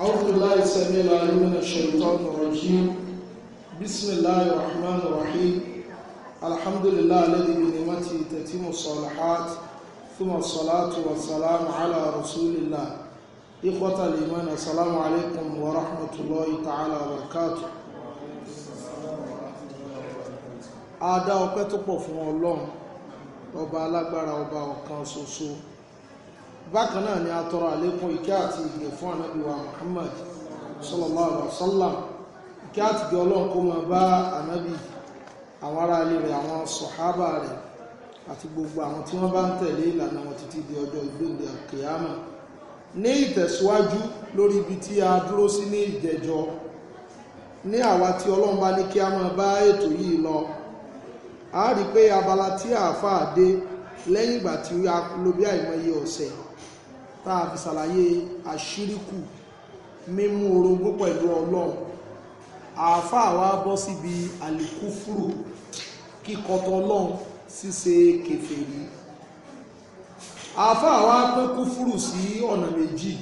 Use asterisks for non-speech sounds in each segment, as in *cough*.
أعوذ بالله السميع العليم من الشيطان الرجيم بسم الله الرحمن الرحيم الحمد لله الذي بنعمته تتم الصالحات ثم الصلاة والسلام على رسول الله إخوة الإيمان السلام عليكم ورحمة الله تعالى وبركاته Adá ọpẹ́ tó الله fún Ọlọ́run, ọba alágbára bákan náà ni a tọrọ àlékún ìkẹ́ àti ìgbẹ̀ fún ànábì wa Muhammad sallallahu alaihi wasallam ìkẹ́ àti ìgbẹ̀ ọlọ́run kó máa bá ànábì àwọn ará ilé rẹ̀ àwọn sọ̀hábà rẹ̀ àti gbogbo àwọn tí wọ́n bá ń tẹ̀lé ìlànà wọn títí di ọjọ́ ìgbéǹde àkèyàmà ní ìtẹ̀síwájú lórí ibi tí lẹ́yìn ìgbà tí ó yá lóbi àìmọye ọ̀sẹ̀ tá a fi ṣàlàyé àṣíríkù mímú orogún pẹ̀lú ọlọ́run àáfàá wa bọ́ síbi àlìkúfúrù kíkọtọ ọlọ́run ṣíṣe kèfèrí àáfàá wa pín kúfúrù sí ọ̀nà méjì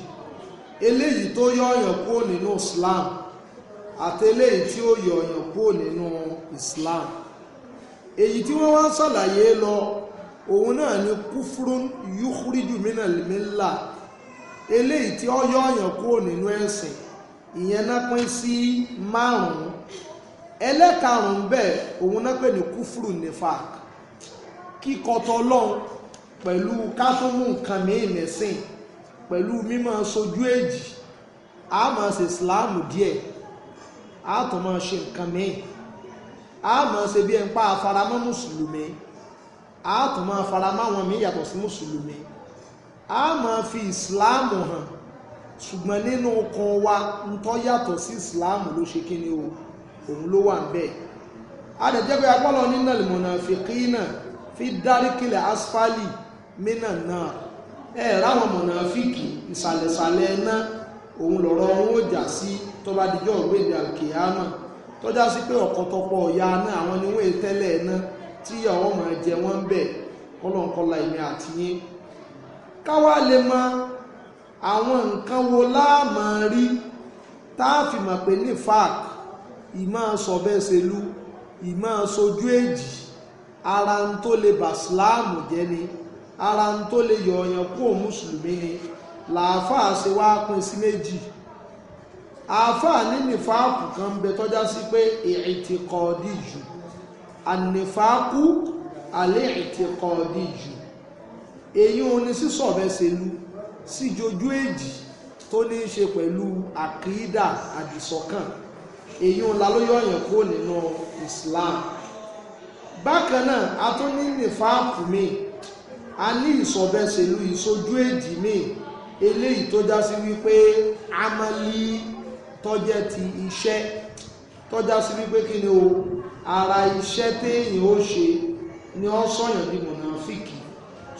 eléyìí tó yọ ọ̀yàn kúrò nínú Islam àti eléyìí tí ó yọ ọ̀yàn kúrò nínú Islam èyí tí wọ́n wá ń ṣàlàyé lọ òun náà ni kúfúrú yúkúrídù mínàlímílà eléyìí tí ó yọ ọ̀yàn kúrò nínú ẹ̀sìn ìyẹn náà pín sí márùn-ún ẹlẹ́karùn-ún bẹ́ẹ̀ òun náà pè ní kúfùrù nífàk kíkọtọ ọlọ́run pẹ̀lú kátúmù nǹkan mìíràn mẹ́sìn pẹ̀lú mímọ́ sojú èjì a máa ṣe ìsìláàmù díẹ̀ a tún máa ṣe nǹkan mìíràn a máa ṣe bí ẹnpa afaramọ́ mùsùlùmí a tún máa faramọ́ àwọn míì yàtọ̀ sí mùsùlùmí a máa fi ìsìláàmù hàn ṣùgbọ́n nínú ọkàn wa ń tọ́ yàtọ̀ sí ìsìláàmù ló ṣe kíni o òun ló wà ń bẹ̀ adẹ̀jẹ́ pé apọ́lọ nínà lèmọ̀nà fìkínà fi dáríkìlẹ̀ asfali mínà náà ráwọn ìsàlẹ̀sàlẹ̀ iná òun lọ̀rọ̀ wọn jà sí tó bá dijọ́ ògbéǹde alkiyama sí pé ọ̀kọ̀tọ̀pọ̀ ọ̀yà náà àwọn ni wọ́n tẹ́lẹ̀ iná tí ìyàwó káwá lè mọ àwọn nǹkan wo láàmà rí táàfì mọ̀ pé ní fac ìmọ̀ sọ̀bẹ́sẹ̀lú ìmọ̀ sojú èjì ara ń tó lè bàsíláàmù jẹ́ ni ara ń tó lè yọ̀ọ̀yàn kú mùsùlùmí ni làáfàá ṣe wá pín sí méjì àáfàá ní nìfàákù kan bẹ tọ́já sí pé ìrìtìkọ̀ọ́dì jù ànífàákù àlẹ́ ìrìtìkọ̀ọ́dì jù èyí òun ni sísọ̀rẹ́sẹ̀lú síjojú èjì tó ní í ṣe pẹ̀lú àkídà àdìsọ́kàn èyí òun la ló yọ̀yàn kúrò nínú Islam bákan náà a tún ní nífàákù míì a ní ìsọ̀rẹ́sẹ̀lú ìsojú èjì míì eléyìí tó já sí wípé amálí tọ́jẹ́ ti iṣẹ́ tọ́já sí wípé kí ni o ara iṣẹ́ téèyàn ó ṣe ni ó sọ̀yàn bí mo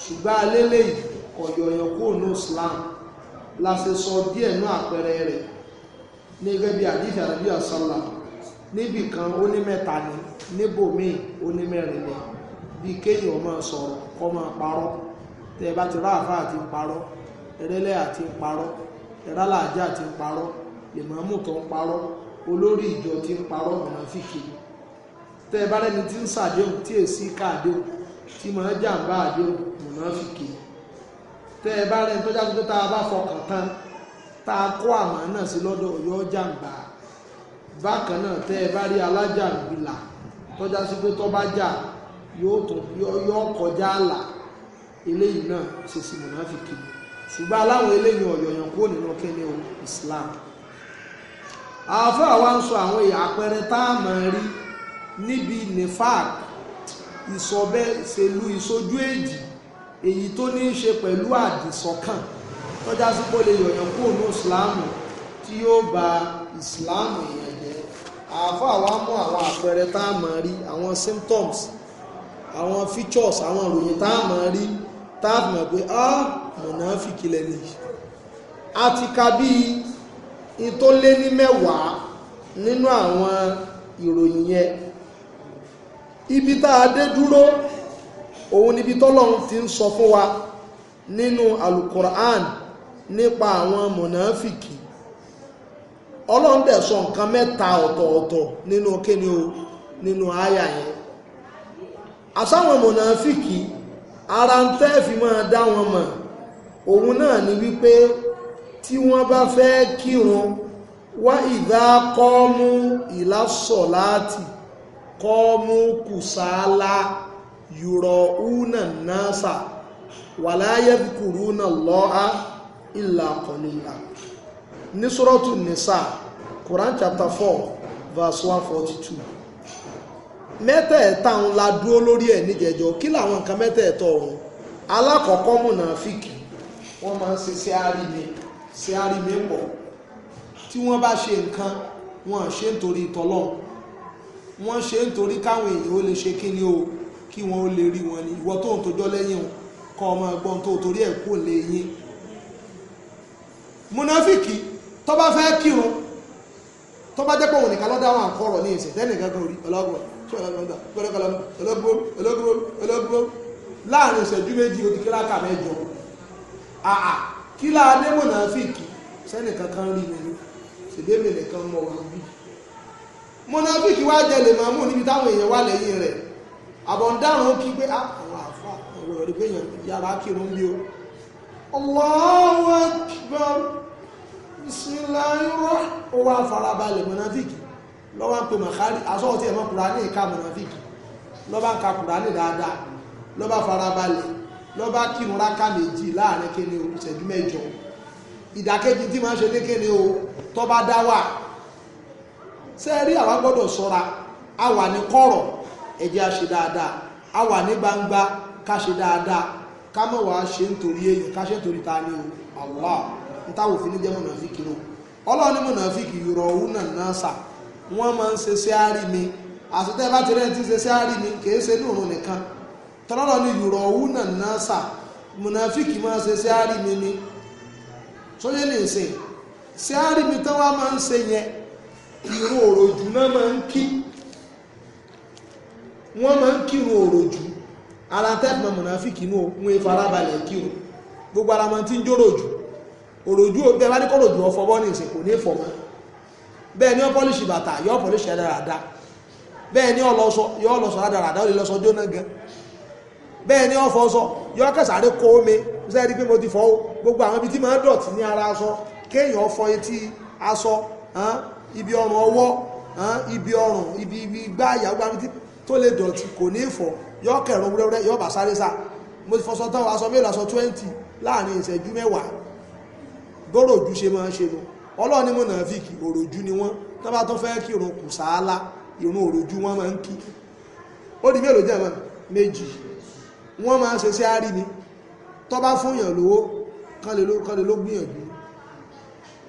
ṣùgbọ́n alélè yìí ọ̀yọ̀yàn kúrò ní Islam la ṣe sọ díẹ̀ ní àpẹẹrẹ rẹ̀ ní gẹ́gẹ́ bí àdífẹ́ àdífẹ́ àṣálà níbì kan ó ní mẹ́ta ni níbòmíì ó ní mẹ́rin ni bí kéèyàn máa sọ̀rọ̀ kọ́ máa parọ́ tẹ́ ẹ bá ti ráàfà àti parọ́ ẹrẹ́lẹ́ àti parọ́ ẹ̀rálàájá àti parọ́ ìmọ̀ọ́mù tó ń parọ́ olórí ìjọ tí ń parọ́ ọ̀nà fìkì tẹ́ ẹ bá rẹ́ni tí ń ṣàdéhùn tí èsì káàdéhùn tí máa jàǹbá àdéhùn mùnáfìkì tẹ́ ẹ bá rẹ̀ tó jáde pé tá a bá fọkàn tán tá a kó àmọ́ náà sí lọ́dọ̀ ọ̀yọ́ jàǹbá bákan náà tẹ́ ẹ bá rí alájà ìgbìlà tó jáde pé tó jà yóò tún yọ kọjá àlà eléyìí náà ṣe sí mùnáfìkì ṣùgbọ́n aláwọ̀ eléyìí ọ̀yọ̀yàn kúrò nínú kẹ́ni o Islam àfọ́ àwa ń sọ àwọn èèyàn àpẹẹrẹ tá a máa rí níbi nefak ìsọ̀bẹ́ ìṣèlú ìṣojú èjì èyí tó ní í ṣe pẹ̀lú àdìsọ́kàn tọ́já sí pé lè yọ̀yàn kúrò ní ìsìláàmù tí yóò ba ìsìláàmù èèyàn jẹ́ àáfàá wa mú àwọn àpẹẹrẹ tá a máa rí àwọn symptoms àwọn features àwọn ìròyìn tá a máa rí tá a mọ̀ pé á ah, mùnáfíkì lẹ́nu yìí a ti ka bíi in tó lé ní mẹ́wàá nínú àwọn ìròyìn yẹn ibi tá a dé dúró òun níbi tọ́lọ́run ti ń sọ fún wa nínú alukur'an nípa àwọn mọ̀nàfìkì ọlọ́run dẹ̀ sọ nǹkan mẹ́ta ọ̀tọ̀ọ̀tọ̀ nínú kíni o nínú àyà yẹn àsáwọn mọ̀nàfìkì ara ń fi máa dá wọn mọ̀ òun náà ni wípé tí wọ́n bá fẹ́ kírun wá ìdá kọ́mú lati láti kọ́mú kùsàálà. yùrọ̀únà náàsà wà láyé kùrúnà lọ́á ìlà kọlìlà ní sọ́rọ̀tù nìsà Quran chapter 4 verse 142 mẹ́tẹ̀ẹ̀ta ń la dúó kí làwọn nka mẹ́tẹ̀ẹ̀ta ọ̀run alákọ̀ọ́kọ́ mùnàfíkì wọ́n máa ma ṣe sí àrími sí àrími pọ̀ tí wọ́n o kí wọn ó lè rí wọn ni ìwọ tó ń tójọ́ lẹ́yìn wọn kọ́ ọmọ ẹgbọ́n tó torí ẹ̀ kó lè yín munafiki tó bá fẹ́ kírun tó bá jẹ́ pé òun nìkan lọ́dá àwọn àkọ́rọ̀ ní ìsìn tẹ́nì kankan orí ọlọ́gbọ̀n tí ọlọ́gbọ̀n gbọ́dọ̀gbọ̀n ọlọ́gbọ̀n ọlọ́gbọ̀n láàrin ìṣẹ́jú méjì ó ti kí láka mẹ́jọ àà kí láà dé munafiki sẹ́nì kankan rí mi ní ṣèdémi nìkan mọ̀ wá bí munafiki wá jẹ lè máa mú níbi táwọn èèyàn wà lẹ́yìn rẹ̀ àbọ̀ndáhùn ó kí pé ah, àwọn àfà ọ̀rọ̀ rí pé yàrá kírun bí o Allahu Akbar bismillahirrahmanirrahim ó wá farabalẹ̀ mọ̀nàfíkì lọ́wọ́ ń pe mọ̀kárì asọ́ọ̀tì ẹ̀mọ́ kùránì ìka mọ̀nàfíkì lọ́ba ń ka kùránì dáadáa lọ́ba farabalẹ̀ lọ́ba kírun ráká méjì láàrin kéne o ìṣẹ́jú mẹ́jọ ìdàkejì tí máa ń ṣe ní kéne o tọ́ba dá wà sẹ́ẹ̀rí àwa gbọ́dọ̀ sọ́ra àwa ní kọ́rọ̀ Eji jẹ́ dáadáa a wà ní gbangba ká dáadáa ká mọ̀ wá ṣe nítorí èèyàn ká nítorí ta ni o Allah n táwọn òfin ní jẹ́ mọ̀nàfíkì rò ọlọ́run ní mọ̀nàfíkì yòrò òun náà náà sà wọ́n máa ń ṣe àárí mi àṣetẹ́ bá ti rẹ́ni tí ṣe àárí mi kì í ṣe ní nìkan tọ́lọ́rọ̀ ni ní ìsìn àárí wọ́n máa ń kírun òròjú ara tẹ́ẹ̀mọ̀ mọ̀nàfíkì inú wọn farabalẹ̀ kírun gbogbo ara máa ti ń jóròjú òròjú ó bẹ́ẹ̀ bá ní kòròjú ọfọwọ́ ní ìsìnkú ní ìfọ̀mọ́ bẹ́ẹ̀ ni ó pọ́líṣì bàtà yọ pọ́líṣì àdáradá bẹ́ẹ̀ ni ọlọ́sọ yọ ọlọ́sọ àdáradá ó lè lọ́sọ jóná gan bẹ́ẹ̀ ni ọfọsọ yọ kẹsàárẹ́ kó omi sẹ́ẹ̀rí pé mo ti fọ́ gbogbo àwọn ibi tí máa ń dọ̀tí ní ara aṣọ kéèyàn fọ etí aṣọ ibi ọrùn ọwọ́ ibi ọrùn ibi igbá ìyàwó tó lè dọ̀tí kò ní ìfọ̀ yọ kẹ̀rọ wúrẹ́wúrẹ́ yọ bà sáré sá mo ti fọṣọ tán aṣọ mélòó aṣọ twenty láàrin ìṣẹ́jú mẹ́wàá bọ́rọ̀ ojú ṣe máa ń ṣe lọ ọlọ́run ní mọ̀nàfíìkì òròjú ni wọ́n tó bá tó fẹ́ kí irun kù sáálá irun òròjú wọ́n máa ń kí ó di mélòó jẹ́mọ̀ méjì wọ́n máa ń ṣe sí àárí ni tó bá fún èèyàn lówó kan lè ló gbìyànjú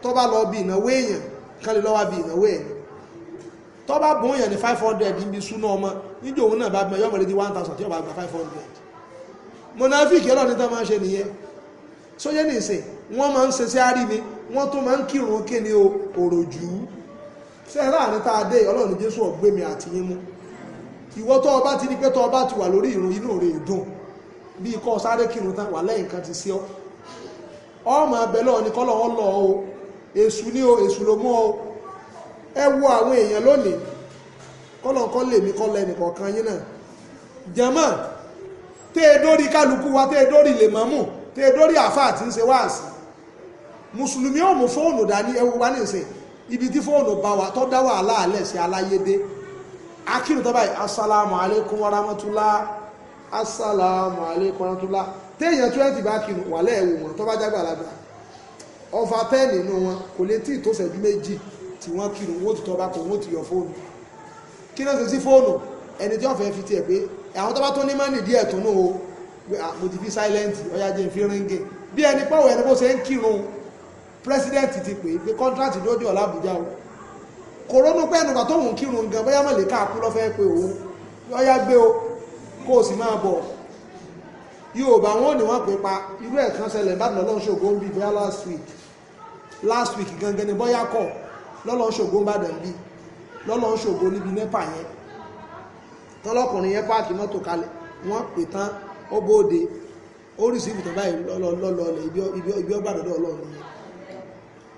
tó bá lọ bí ìnáwó èèyàn kan lè lọ́wọ́ bí ìnáwó èèyàn tó bá yẹn ní five hundred níbi súná ọmọ níjọ òun náà bá one thousand tí yọmọ five hundred mọ̀nàfíìkì ọlọ́run tó máa ń ṣe nìyẹn sóyẹ́ nìsín wọ́n máa ń ṣe sí mi wọ́n tó máa ń kírun kí ni òròjú ṣe láàrin tá a dé ọlọ́run jésù mi àti yín ọba ti ọba ti wà lórí inú rẹ̀ dùn bí sáré kírun kan ti sí ọ ni kọ́lọ́ ọ o èṣù ni o èṣù ló mú ọ ẹ wo àwọn èèyàn lónìí kọ́lọ̀kọ́ lèmi kọ́ lẹ́nì kọ̀ọ̀kan yín náà jẹ́mọ́ tẹ́ ẹ dórí kálukú wa tẹ́ ẹ dórí lè mọ́mù tẹ́ ẹ dórí àfà àti ń ṣe wáàsí mùsùlùmí ò mú fóònù dání ẹwu wa ní ìsìn ibi tí fóònù bá wa tó dá wàhálà alẹ́ sí aláyédé akínú tó báyìí asálàmù alaykum warahmatulá asálàmù alaykum warahmatulá téèyàn twenty bá kinu wàhálà ẹ̀wù wọn tó bá jágbàlagbà ọfà tẹ́ẹ̀nì inú wọn kò lè tí ì tó ṣẹ́jú méjì tí wọ́n kírun wọ́n ti tọ́ba kò wọ́n ti yọ fóònù kí ló ṣe sí fóònù ẹni tí wọ́n fẹ́ fi tiẹ̀ pé àwọn tó bá tó ní mọ́nì díẹ̀ tó nù o ah, mo ti fi sáílẹ́ǹtì ọ̀yà jẹ́ ìfi ríngè bí ẹni pọ̀wọ̀ ẹni bó ṣe ń kírun president ti pè é pé contract lóde ọ̀la Àbújá o kòrónú pé ẹnu pàtó òun kírun gan bóyá mọ̀lẹ́ káàkú lọ́fẹ́ pé òun ọ̀yà gbé o kó o sì máa bọ̀ Yorùbá wọn ni wọ́n pè pa irú ẹ̀ kan ṣẹlẹ̀ nígbà tó lọ́n ṣògo ń bóyá last week last week gangan ni bóyá kọ̀ lọ́lọ́ ń ṣògo ńbàdàn bíi lọ́lọ́ ń ṣògo níbi nẹ́pà yẹn tọ́lọ́kùnrin yẹn páàkì mọ́tò kalẹ̀ wọ́n pè tán ó bóde ó rí sí ìfìtàn báyìí lọ́lọ́lọ́lọ́ ibi ọgbà dọ́dọ̀ ọlọ́run yẹn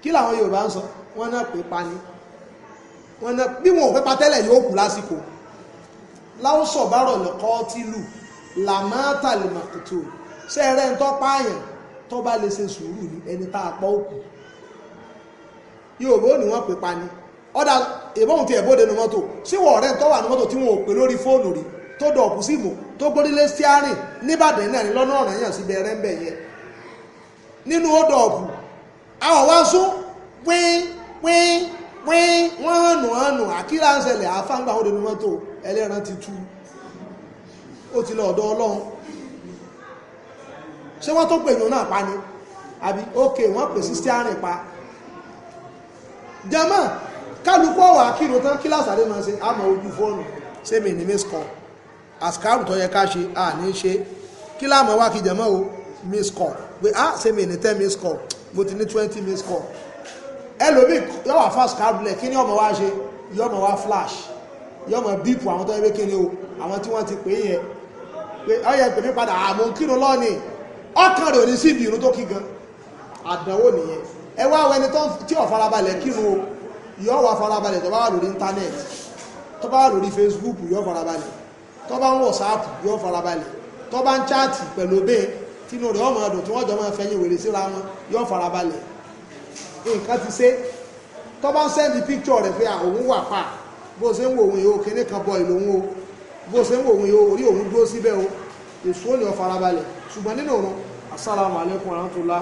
kí làwọn Yorùbá ń sọ wọ́n náà pè pa ni wọ́n náà bí wọn ò fẹ́ pa tẹ́lẹ̀ yóò kù lásìkò láwùsọ̀ bárọ̀ lẹ́kọ́ tìlù làmátàlì màkùtù sẹ́ẹ̀rẹ́ ń tọ́ pààyàn tó bá lè ṣe sùúrù ní ẹni tá a pọ́ òkú Yorùbá ò wọ́n pè pa ni ọ̀dà ìbọn ti ẹ̀bọ́dẹ mọ́tò ọ̀rẹ́ tó wà mọ́tò tí wọn ò pè lórí fóònù rí tó dọ̀kú síìmù tó gbórílé síárìn nìbàdàn náà ní lọ́nà ọ̀ràn yàn síbi ń bẹ̀ yẹn nínú ó dọ̀kú àwọn wá sún pín pín pín wọ́n hànù hànù àkírà ń ṣẹlẹ̀ àfáǹgbà ó dẹnu mọ́tò ẹlẹ́ran ti tú ó ti lọ ọ̀dọ̀ ọlọ́run ṣé wọ́n tó pè jama kálukú ọ̀wà kírun tán kíláàsì àdé máa ṣe àmọ́ ojú fóònù sẹ́mi ní miss call àsìkárù tó yẹ ká ṣe à ní ṣe kíláàmù wá kí jama o miss call pé à sẹ́mi ní ten miss call mo ti ní twenty miss call ẹlòmíì yọ̀wà fast card lẹ̀ kí ni ọmọ wa ṣe yọmọ wa flash yọmọ bíìpù àwọn tó yẹ pé kí ni o àwọn tí wọ́n ti pè é yẹn pé ọyẹ pè mí padà àmọ́ kírun lọ́ọ̀nì ọkàn rẹ̀ ò ní síbi ìrún tó kí gan àdánwò nìyẹn ẹ wá wẹni tí ò farabalẹ̀ kírun o yọ wà farabalẹ̀ tó bá wà lórí íńtánẹ́ẹ̀tì tó bá wà lórí facebook yọ farabalẹ̀ tó bá ń wọ̀sáàpù yọ farabalẹ̀ tó bá ń chaàtì pẹ̀lú bẹ́ẹ̀ tínú rẹ̀ ọmọ ọdún tí wọ́n jọ máa fẹ̀yìn wèrè síra wọn yọ farabalẹ̀ nǹkan ti ṣe tó bá ń sẹ́ndì píkṣọ̀ rẹ̀ pé òun wà pa bó ṣe ń wo òun yóò kíní kan bọ ìlòun o bó ṣe ń wo òun yóò orí òun dúró síbẹ̀ o èso ni ọ farabalẹ̀ ṣùgbọ́n nínú òun assalamu alaikum warahmatullah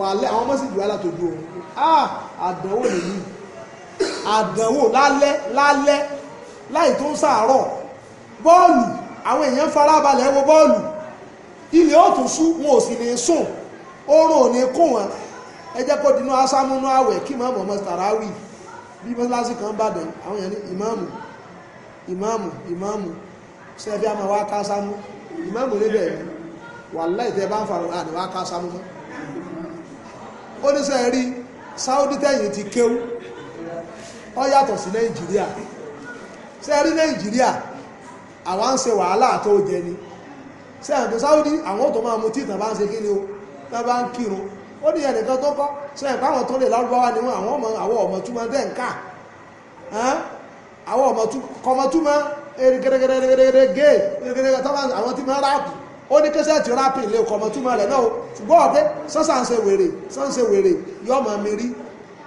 wà lẹ́ àwọn ọmọ sì jù wá látòjú òun ah àdánwò nìyí àdánwò lálẹ́ lálẹ́ láì tó ń sàárọ̀ bọ́ọ̀lù àwọn èèyàn farabalẹ̀ wo bọ́ọ̀lù ilé ọ̀tún sú wọn ò sì ní sùn oorun ò ní kún wọn ẹ jẹ́ kó dinú asámúnú àwẹ̀ kí màmú ọmọ tàràwì bí mọ́sálásí kan bàdàn àwọn èèyàn ní ìmáàmù ìmáàmù ìmáàmù sẹ́fí àmọ́ wa ká sámú ìmáàmù níbẹ̀ wàláì tẹ́ bá ń farahàn àdìwá ká sámú mọ́. onu ní rí Saudi tẹ̀yìn ti kéwú ọ yàtọ̀ sí Nàìjíríà sẹ́yìn rí Nàìjíríà àwa ń ṣe wàhálà tó jẹ ni tó Saudi àwọn tó máa bá ń ni o tán bá ń kírun ó ní ẹnìkan tó kọ́ ni wọn àwọn ọmọ àwọn ọmọ túmọ̀ dẹ́ àwọn ọmọ túmọ̀ ó ní kẹsẹ̀tì rápì ilé ọkọ̀ ọmọtúmọ̀ rẹ̀ náà ṣùgbọ́n ọ̀pẹ́ sánsánsẹ̀ wèrè sánsánsẹ̀ wèrè yọ ọmọ mi rí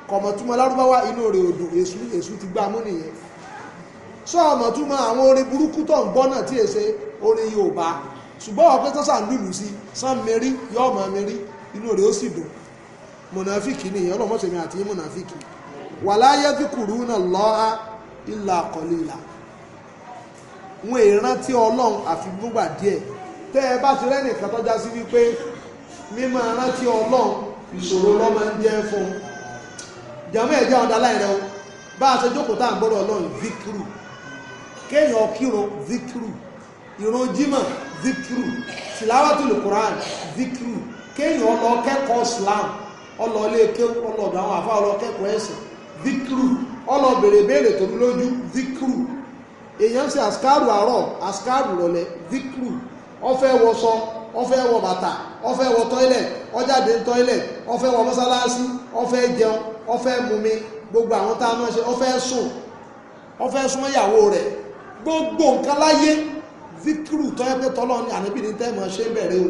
kọ̀mọ̀túmọ̀ lárúbáwá inú rẹ̀ odò èṣù èṣù ti gbá mú nìyẹn sọ ọmọtúmọ̀ àwọn orin burúkú tó ń gbọ́ náà tí èṣe orin Yorùbá ṣùgbọ́n ọ̀pẹ́ sánsà ń lùlù sí sán mi rí yọ ọmọ mi rí inú rẹ̀ ó sì dùn mùnàfíkì nìyẹn ọlọ́mọ̀sẹ̀mí àti mùnàfíkì wàláyé dìkùrú náà lọ́ha ìlà àkọlé ìlà wọn èèrántí Ọlọ́run àfi gbúgbà díẹ̀ tẹ́ ẹ bá ti rẹ́nìkan tó já sí wípé mímọ́ arántí ọlọ́run ìṣòro ló máa ń jẹ́ fún un jàmọ́ ẹ̀jẹ̀ ọ̀dà láìrẹ̀ o bá a ṣe jókòó tá à ń gbọ́dọ̀ ọlọ́run zikiru kéèyàn kírun zikiru ìrun jímọ̀ zikiru tìláwàtìlù zikiru kéèyàn ọlọ kẹ́kọ̀ọ́ Islam ọlọ ilé kéwú ọlọ́dọ̀ àwọn àfa ọlọ kẹ́kọ̀ọ́ ẹ̀sìn zikiru ọlọ bèrè béèrè tó lójú zikiru èèyàn ṣe àárọ̀ rọ̀lẹ́ zikiru ọfẹ́ wọṣọ ọfẹ́ wọ bàtà ọfẹ́ wọ tọ́ílẹ̀ ọjáde tọ́ílẹ̀ ọfẹ́ wọ mọ́sálásí ọfẹ́ jẹun ọfẹ́ mumi gbogbo àwọn tá a máa ṣe ọfẹ́ sùn ọfẹ́ súnmọ́ ìyàwó rẹ̀ gbogbo nǹkan láyé zikiru tọ́yẹ́ pé tọ́lọ́ ní ànábì ní tẹ́ mọ̀ ṣe ń bẹ̀rẹ̀ o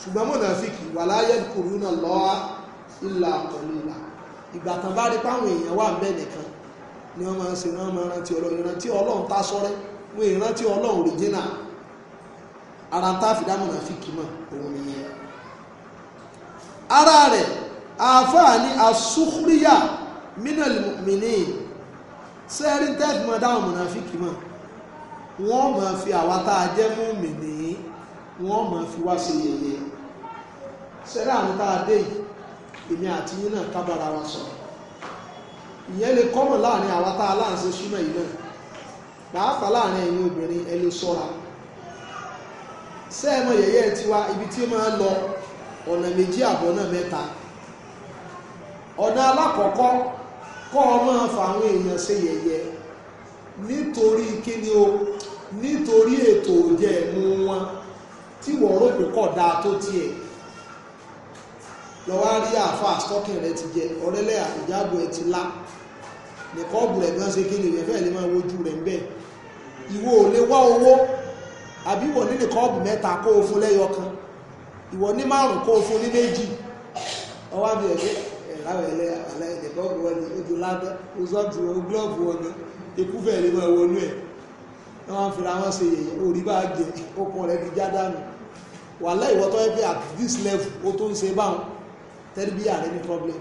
ṣùgbọ́n mọ̀nàfíkì wà láyé kùrú náà lọ́wọ́ ìlà pẹ̀lú ìlà ìgbà tán bá rí páwọn èèyàn wà ń bẹ̀ nìkan ni wọ́n máa ń ṣe wọ́n máa rántí ọlọ́run ìrántí ọlọ́run tá sọ́rẹ́ wọ́n ìrántí ọlọ́run original ara tá a fi dámọ̀ náà fi kì mọ̀ òun nìyẹn ara rẹ̀ àáfàá ní asúkúríyà minal mu'minin sẹ́rí tẹ́ẹ̀fì mọ́ dáhùn mọ̀ náà fi kì mọ̀ wọ́n máa fi àwa tá a jẹ́ mùmìnì wọ́n máa fi wá sí yẹyẹ sẹ́rí àwọn tá a dé yìí èmi àti yín náà kábàrà wa sọ̀rọ̀ ìyẹn lè kọ́mọ̀ láàrin àwa tá a láǹṣe súnmọ́ yìí náà pàápàá láàrin ẹ̀yin obìnrin ẹ lè sọ́ra sẹ́ẹ̀mọ̀ yẹ̀yẹ́ tiwa ibi tí máa ń lọ ọ̀nà méjì àbọ̀ náà mẹ́ta ọ̀nà alákọ̀ọ́kọ́ kọ́ ọ máa fa àwọn èèyàn ṣe yẹ̀yẹ́ nítorí kíni o nítorí ètò òjẹ́ ẹ̀mú wọn tí wọ́n rò pé kọ̀ dáa tó tiẹ̀ lọ́wọ́ rí àáfàá stọ́kìn rẹ ti jẹ ọ̀rẹ́lẹ̀ àtìjáàbò ẹ ti lá nìkọ́ ọ̀bùrẹ̀ gan ṣe kíni ìyẹn fẹ́ẹ̀ lè máa wojú rẹ̀ ń bẹ̀ ìwọ ò lè wá owó àbí wọ́n ní nìkọ́ọ̀bù mẹ́ta kó o fún lẹ́yọ kan ìwọ ní márùn kó o fún ní méjì ọwọ́ àbí ẹ̀gbẹ́ ẹ̀láwọ̀ ẹ̀lẹ́ àlẹ́ ìdẹ̀kọ́ọ̀bù wọn ni ojú ládá ozọ́ọ̀tù wọn gílọ́ọ̀bù wọn ni ikú fẹ́ẹ̀ lè máa wọnú ẹ̀ wọ́n fi ra wọn ṣe yẹ̀yẹ́ orí bá gé okùn rẹ̀ fi já dànù wàhálà ìwọ tó yẹ pé at this level ó tó ń ṣe báwọn tẹ́lẹ̀ bí ààrẹ ní problem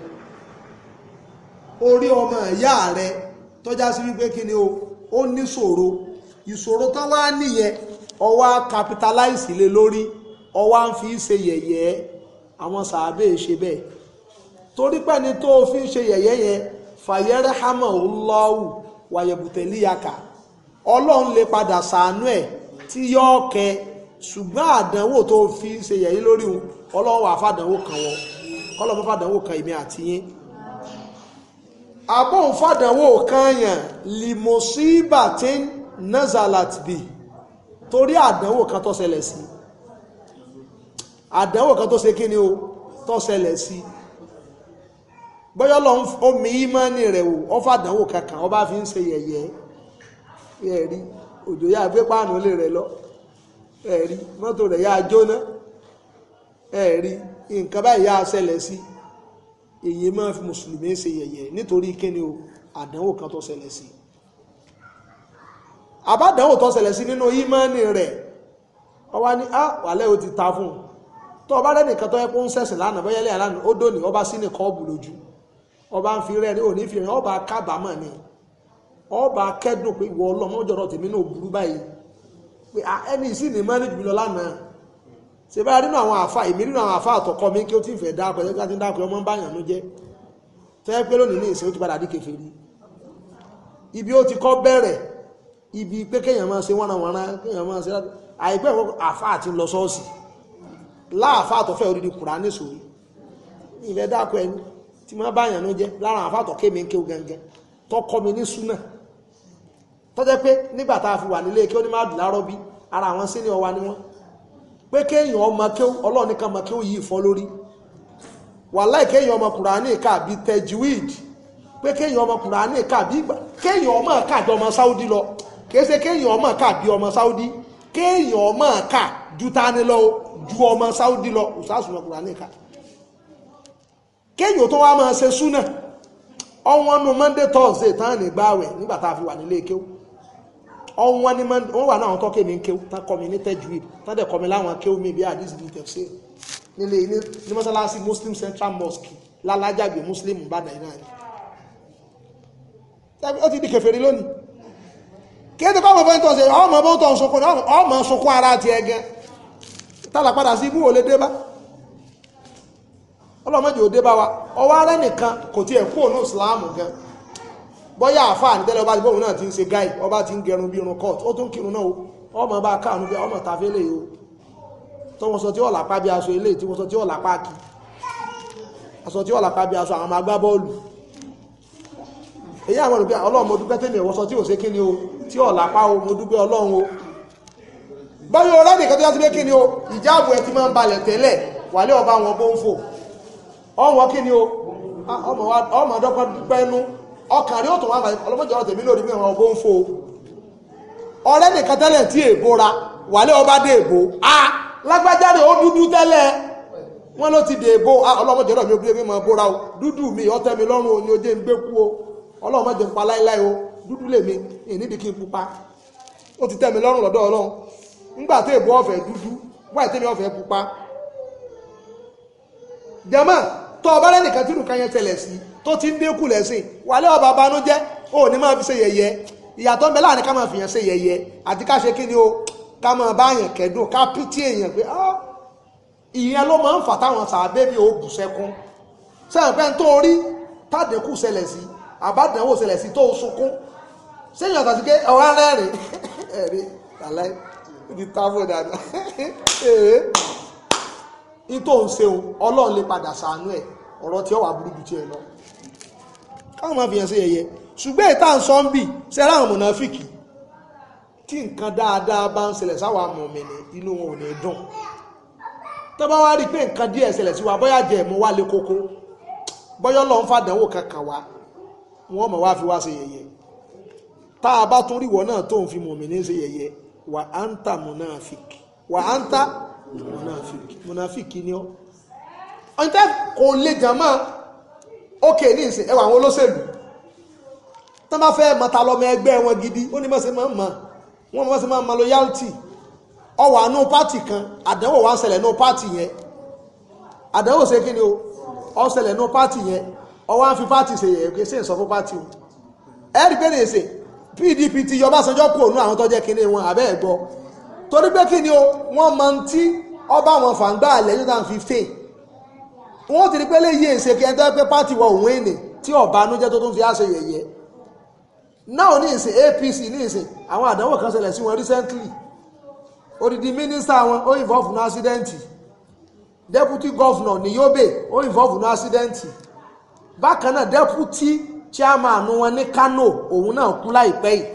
orí ọmọ ìyá rẹ tọ́já sí wípé kí ni o ó ní ṣòro ìṣòro tán wá nìyẹn ọwá capitalize lé lórí ọwá ń fi ṣe yẹ̀yẹ́ àwọn sàábé ṣe bẹ́ẹ̀ torí pé ni tó fi ń ṣe yẹ̀yẹ́ yẹn fàyẹ́rẹ́ hamọ̀ ńlọ́wù wàyẹ̀bùtẹ̀líyàkà ọlọ́run lè padà sàánú ẹ̀ tí yọ́ kẹ ṣùgbọ́n àdánwò tó fi ṣe yẹ̀yẹ́ lórí òun ọlọ́run wà fàdánwò kan wọn kọ́lọ́mọ́ fàdánwò kan èmi àti yín àbọ̀n fàdánwò kan yàn limosi batin nazalat bíi torí àdánwò kan tó ṣẹlẹ̀ sí àdánwò kan tó ṣe kí ni o tó ṣẹlẹ̀ sí bọ́yọ́ lọ omi ìmọ̀ọ́nì rẹ̀ wò ọfà àdánwò kankan ọba fi ń ṣe yẹ̀yẹ́ ẹ̀rí òjò yá gbé páànù lè rẹ̀ lọ ẹ̀rí mọ́tò rẹ̀ yá jóná ẹ̀rí nǹkan báyìí yá ṣẹlẹ̀ sí èyí máa fi mùsùlùmí ṣe yẹ̀yẹ́ nítorí kí ni o àdánwò kan tó ṣẹlẹ̀ sí àbádànwò tó sẹlẹ̀ sí nínú ìmánì rẹ̀ ọwá ní á wàlẹ́ o ti ta fún un tó ọba rẹ̀ nìkan tó yẹ kó ń ṣẹ̀sìn lánàá bọ́yẹ́lẹ́ àlánà ó dóni ọba sí ní kọ́ọ̀bù lójú ọba ń fi ní òní ọba kábàámọ̀ ni ọba kẹ́dùn pé ìwọ ọlọ́mọ ọjọ́rọ̀ tèmi náà burú báyìí pé ẹni sì ní jùlọ lánàá ṣe bá nínú àwọn àfa èmi nínú àwọn àfa àtọkọ mi kí ó ti fẹ́ ibi ó ti ibi pé kéèyàn máa ṣe wọ́nàwọ́nà kéèyàn máa ṣe láti àìpẹ́ ìwọ́n àfáà ti lọ sọ́ọ̀sì láàfáà tó fẹ́ ní sòrí ìfẹ́ dákọ ẹni tí wọ́n bá yàn ló jẹ́ lára àfáà tó kéèmí kéwú gangan tó kọ́ mi ní súnà tó jẹ́ a ara àwọn sí ọwa ni wọ́n pé kéèyàn ọmọ ọlọ́ọ̀ni kan mọ yìí fọ́ lórí kéèyàn ọmọ pé kéèyàn ọmọ lọ kése kéèyàn ọmọ ká bí ọmọ Saudi kéèyàn ọmọ ká ju tani lọ ju ọmọ Saudi lọ òṣàṣù ọkùnrin àníkà kéèyàn tó wá máa ṣe súnà ọwọ́n nu Monday Thursday tán ní gbáwẹ̀ nígbà tá a fi wà nílé kéwù ọwọ́n ní Monday wọ́n wà náà wọ́n tọ́kẹ́ mi ń kéwù tá kọ́ mi ní tẹ́júwìd tán dẹ̀ kọ́ mi láwọn kéwù mi bí àdìs bí tẹ̀sí nílé ní mọ́sálásí Muslim Central Mosque lálájàgbé Muslim Ìbàdàn náà ni ó ti di kèfèrí lónìí kéde kọ́ ọmọ fẹ́ tọ́ ṣe ọmọ bó tọ́ sunkún ọmọ sunkún ara ti ẹ gan tálà padà sí ibú òlé débá ọlọ́mọdé ò débá wa ọwọ́ ara nìkan kò kú òun ìsìláàmù gan bọ́yá ọba náà ti ń ọba ti ń gẹrun bí irun ó tún kírun náà ọmọ bá bí ọmọ o tó wọn sọ tí bí aṣọ tí wọn sọ tí kì aṣọ tí tí ọ̀la pa o mo dúpẹ́ ọlọ́run o báyọ̀ ọ̀rẹ́ nìkan tó yá sí pé kí ni o ìjáàbù ẹ ti máa ń balẹ̀ tẹ́lẹ̀ wàlẹ́ ọba wọn bó ń kí ni o ọmọ ọdọ́pọ̀ ọkàn rí òtún wà lórí mìíràn ọ̀rẹ́ nìkan tẹ́lẹ̀ tí èbó ra ọba dé èbó a ó dúdú a bóra dúdú lèmi ìnídìí kí n pupa ó ti tẹ́ mi lọ́rùn lọ́dọ̀ ọlọ́run nígbà tó èbó ọ̀fẹ́ dúdú wáyé tẹ́mi ọ̀fẹ́ pupa jama tó ọba lẹ́nìkan tí nǹkan yẹn tẹ̀lẹ̀ sí tó ti ń dínkù lẹ́sìn wàlẹ́ ọba banújẹ́ ó ní máa fi ṣe yẹ̀yẹ́ ìyàtọ̀ ń bẹ láàrin ká máa fìyàn ṣe yẹ̀yẹ́ àti ká ṣe kí ni o ká máa bá àyàn kẹ́dùn ká pítí èèyàn pé ah ìyẹn ló máa ń fà táwọn sàbẹ́ bí o bù sẹ́kún sẹ́yìn pé ń tó rí tàdínkù ṣẹlẹ̀ sí àbádànwò ṣẹlẹ̀ sí tó sunkún ṣé èèyàn tàbí pé ọwọ́ rẹ́rìn *laughs* ẹ̀rí àláì ibi tábò dáadáa ẹ̀ẹ́ *laughs* ìtò ń ṣeun ọlọ́run lè padà sàánú ẹ̀ ọ̀rọ̀ tí ó wà burúkú tí ẹ lọ káwọn máa fi hàn sí ẹ̀yẹ ṣùgbọ́n ìta ń sọ ń bì sẹ́ra àwọn mọ̀nàfíkì tí nǹkan dáadáa bá ń ṣẹlẹ̀ sáwọn amọ̀mìnì inú wọn ò ní dùn tó bá wá rí i pé nǹkan díẹ̀ ṣẹlẹ̀ sí wa bóyá jẹ́ ẹ̀mú wá lé kókó bóyá ọlọ́run fàdánwò kankan wa wọ́n mọ̀ wá fi wá ṣe yẹ̀yẹ́ tá a bá tún rí ìwọ náà tó ń fi mọ̀mí ní ṣe yẹ̀yẹ́ wà á ń tà monafik wà á ń tà monafik monafik ni ọ. ọ̀nìtẹ́ kò lè jàmọ́ ókè ní ìsìn ẹwà àwọn olóṣèlú tó bá fẹ́ mọ̀ta lọ́mọ ẹgbẹ́ wọn gidi ó ní mọ̀sẹ̀ máa ń mọ̀ wọ́n mọ̀sẹ̀ máa ń mọ̀ lọ́yàlítì ọwọ́ àánú pátì kan àdánwò wá ṣẹlẹ̀ ní pátì yẹn àdánwò ṣe kí ni o ọ ṣẹlẹ̀ ní pátì yẹn ọwọ́ à ń fi pátì ṣe yẹ̀ kí ṣe ń sọ fún pátì o ẹ̀rí pé ní ìsìn PDP ti yọ Ọbásanjọ́ kú òun àwọn tó jẹ́ kinní wọn àbẹ́ ẹ̀ gbọ́ torí pé kí ni o wọ́n máa ń tí ọba àwọn fàǹgbà alẹ́ two thousand fifteen wọ́n ti rí pé léyìí èsè kí ẹni tó pé pátì wọ òun èèní tí ọ̀bánújẹ́ tó tún fi àṣẹ yẹ̀yẹ́ náà ní ìsìn APC ní ìsìn àwọn àdánwò kan ṣẹlẹ̀ sí wọn recently odidi mínísítà wọn ó involve ní ásídẹ́ǹtì deputy governor ní Yobe ó involve ní ásídẹ́ǹtì bákan náà deputy chairman wọn ní Kano òun náà kú láìpẹ́ yìí